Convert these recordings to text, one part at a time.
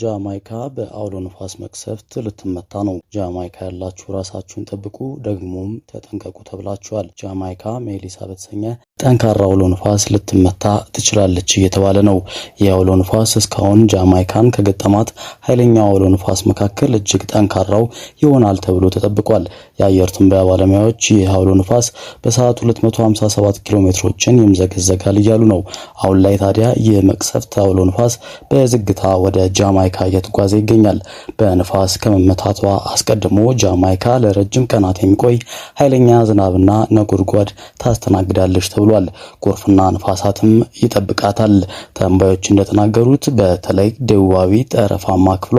ጃማይካ በአውሎ ንፋስ መቅሰፍት ልትመታ ነው። ጃማይካ ያላችሁ ራሳችሁን ጠብቁ ደግሞም ተጠንቀቁ ተብላችኋል። ጃማይካ ሜሊሳ በተሰኘ ጠንካራ አውሎ ንፋስ ልትመታ ትችላለች እየተባለ ነው። ይህ ንፋስ እስካሁን ጃማይካን ከገጠማት ኃይለኛ አውሎ ንፋስ መካከል እጅግ ጠንካራው ይሆናል ተብሎ ተጠብቋል። የአየር ትንበያ ባለሙያዎች ይህ አውሎ ንፋስ በሰዓት 257 ኪሎ ሜትሮችን ይምዘገዘጋል እያሉ ነው። አሁን ላይ ታዲያ ይህ መቅሰፍት አውሎ ንፋስ በዝግታ ወደ ጃማይካ እየተጓዘ ይገኛል። በንፋስ ከመመታቷ አስቀድሞ ጃማይካ ለረጅም ቀናት የሚቆይ ኃይለኛ ዝናብና ነጎድጓድ ታስተናግዳለች ተብሎ ተብሏል። ጎርፍና ንፋሳትም ይጠብቃታል። ተንባዮች እንደተናገሩት በተለይ ደቡባዊ ጠረፋማ ክፍሏ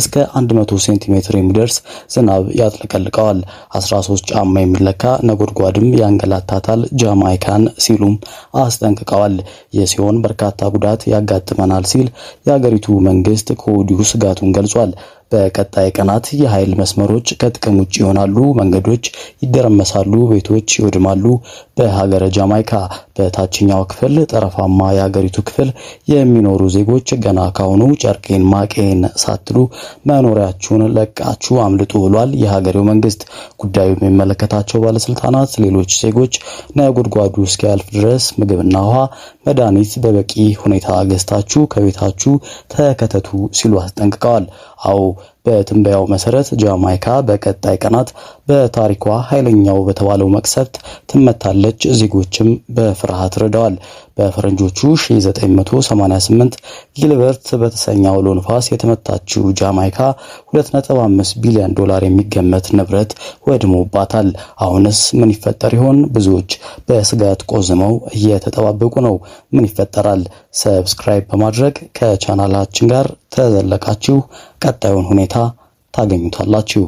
እስከ 100 ሴንቲሜትር የሚደርስ ዝናብ ያጥለቀልቀዋል። 13 ጫማ የሚለካ ነጎድጓድም ያንገላታታል ጃማይካን ሲሉም አስጠንቅቀዋል። ይህ ሲሆን በርካታ ጉዳት ያጋጥመናል ሲል የአገሪቱ መንግስት ከወዲሁ ስጋቱን ገልጿል። በቀጣይ ቀናት የኃይል መስመሮች ከጥቅም ውጭ ይሆናሉ፣ መንገዶች ይደረመሳሉ፣ ቤቶች ይወድማሉ። በሀገረ ጃማይካ በታችኛው ክፍል ጠረፋማ የሀገሪቱ ክፍል የሚኖሩ ዜጎች ገና ካሁኑ ጨርቄን ማቄን ሳትሉ መኖሪያችሁን ለቃችሁ አምልጡ ብሏል የሀገሬው መንግስት። ጉዳዩ የሚመለከታቸው ባለስልጣናት ሌሎች ዜጎች ነጎድጓዱ እስኪያልፍ ድረስ ምግብና ውሃ መድኃኒት በበቂ ሁኔታ ገዝታችሁ ከቤታችሁ ተከተቱ ሲሉ አስጠንቅቀዋል። አዎ በትንበያው መሰረት ጃማይካ በቀጣይ ቀናት በታሪኳ ኃይለኛው በተባለው መቅሰፍት ትመታለች። ዜጎችም በፍርሃት ርደዋል። በፈረንጆቹ 1988 ጊልበርት በተሰኘ አውሎ ንፋስ የተመታችው ጃማይካ 2.5 ቢሊዮን ዶላር የሚገመት ንብረት ወድሞባታል። አሁንስ ምን ይፈጠር ይሆን? ብዙዎች በስጋት ቆዝመው እየተጠባበቁ ነው። ምን ይፈጠራል? ሰብስክራይብ በማድረግ ከቻናላችን ጋር ተዘለቃችሁ ቀጣዩን ሁኔታ ታገኙታላችሁ።